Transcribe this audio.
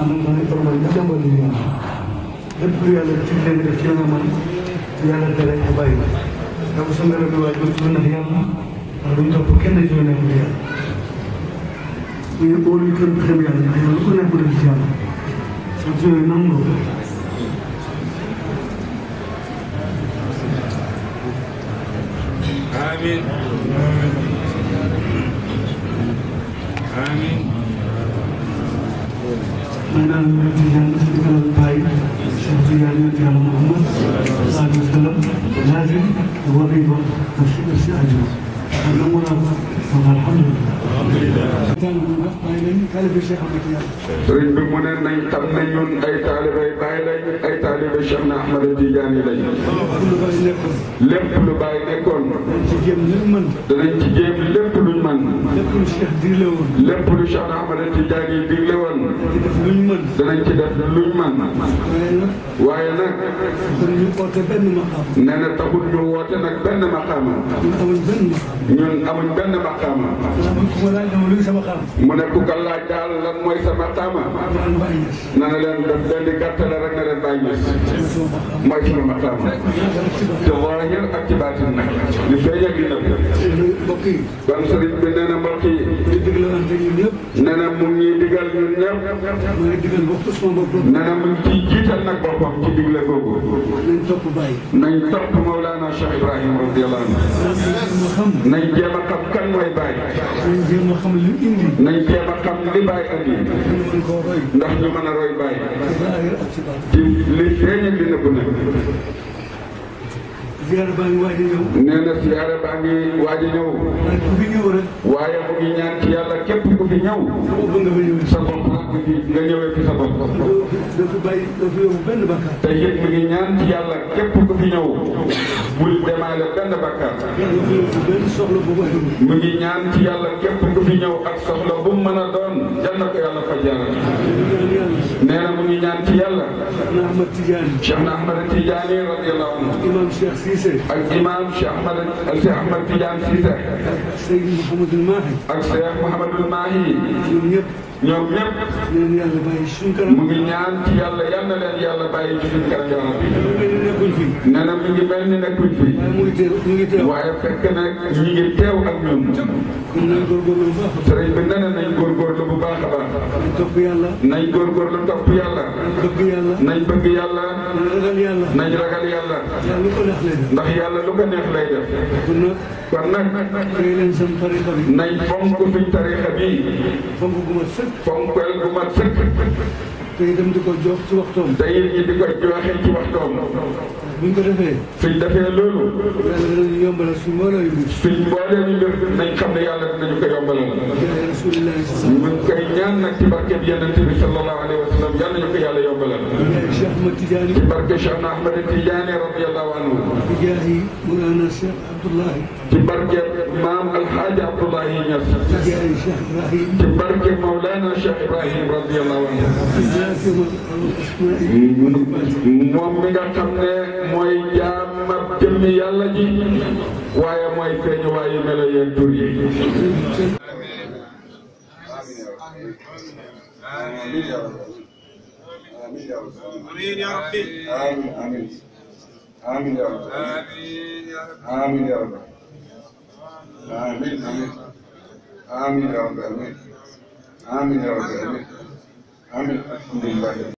am nañu ne toog mooy jàmbal ñu ñëw lépp lu yàlla ci leen def ci la nga mën yàlla tere nga bàyyi donc suñu la doon waajal suñu nax yàlla ndax duñ topp kenn ci lu nekk di yàlla. ne óolu kër bi xam yàlla ñu lu ko nekk def ci yàlla sant yooyu nangoo amiin amiin mooy naan ñoom ci yàlla dafa dëggalal bàyyi ci yàlla ñoom ci yàlla Muhammad sallallahu alayhi wa sallam laajee war nañu ko def si def si àjjuma alhamdulilah. sëriñ bi mu ne nañ xam ne ñun ay taalibay Baay lañ ay taalibay Cheikh na Ahmada Tijaani lañ. lépp lu Baay nekkoon. danañ ci jéem lépp mën. danañ ci jéem lépp luñ mën. lépp lu Cheikh digle woon. lépp lu Cheikh na Ahmada Tijaani digle woon. danañ ci def luñ mën. waaye nag. nee na taxul ñu woote nag benn maqaama. ñun amuñ benn maqaama. maqaama. mu ne ku ko laaj daal lan mooy sa maqaama. na na leen def leen di gàttale rek na leen bàyyi ñës. mooy sama maqaama. te war a ñëw ak ci baatin nag. li feeñ ak li nëb. kon sëriñ bi nee na mbokk yi. nee na mu ngi digal ñun ñëpp. nee na mu ngi ciy jiital nag boppam ci digle googu. nañ topp bàyyi. nañ topp Mawlana Cheikh Ibrahim radiyallahu anhu. nañ jéem a xam kan mooy roy baay. nañ jéem a xam li indi. nañ jéem a xam li baay andi. ndax ñu mën a roy baay. ci li feeñ li nëbb nag. ziyaara baa ngi waaj a ñëw. nee na ziyaara baa ngi waaj a waaye ku ñaan ci yàlla képp ku fi ñëw. sa bopp nga ñëwee fi sa bopp. doo fi bàyyi benn bakkaar. te yëpp mi ngi ñaan ci yàlla képp ku fi ñëw. bul demaale benn bakkaar. mu ngi ñaan ci yàlla képp ku fi ñëw ak soxla bu mu mën a doon jàll na ko yàlla fa jàll. nee na mu ngi ñaan ci yàlla. Cheikh na Ahmad Tidiane. Cheikh na Ahmad Tidiane radiyallahu anhu. imam Cheikh Cissé. ak imam Cheikh Ahmad Cheikh Ahmad Tidiane Cissé. ak Seydou Mouhamadul Mahi. ak Cheikh Mouhamadul Mahi. ñoom ñëpp. ñoom ñëpp. leen yàlla bàyyi suñu kanam. mu ngi ñaan ci yàlla yal yàlla bàyyi ci suñu kanam na mu ngi mel ni nekkuñ fi. mu ngi teew ak ñoom. kon nañ góorgóorlu bu baax. na nañ góorgóorlu bu baax a baax. nañ topp yàlla. nañ góorgóorlu topp yàlla. yàlla. nañ bëgg yàlla. nañ ragal yàlla. ndax yàlla lu ko neex lay kon nag. tey leen seen tariqa bi. nañ fonk suñ tariqa bi. fonk gu mat sëkk. fonkal gu mat sëkk. tey dem di ko jox ci waxtoom. tey it di ko joxe ci waxtoom. buñ ko defee. suñ defee loolu. yàlla dinañu yombalal suñ mbooloo bi. suñ mbooleem mbir nañ xam ne yàlla dinañu ko yombalal. ñu ngi koy ñaan nag ci barkeb yonent bi sallallahu alayhi wa sallam yàlla ñu ko yàlla yombalal. ci barke Cheikh Ahmad Tidiane radiyallahu anhu. Abdoulaye. ci barke maam Alxaaji Abdoulaye Niass. ci barke Mawlana Cheikh Ibrahim radiyallahu anhu. moom mi nga xam ne mooy jaamab jëmmi yàlla ji waaye mooy feeñu waaye melo yeeg tur yi. amiin amiin آمين يا رب آمين يا رب آمين آمين آمين يا رب آمين آمين يا رب آمين آمين الحمد لله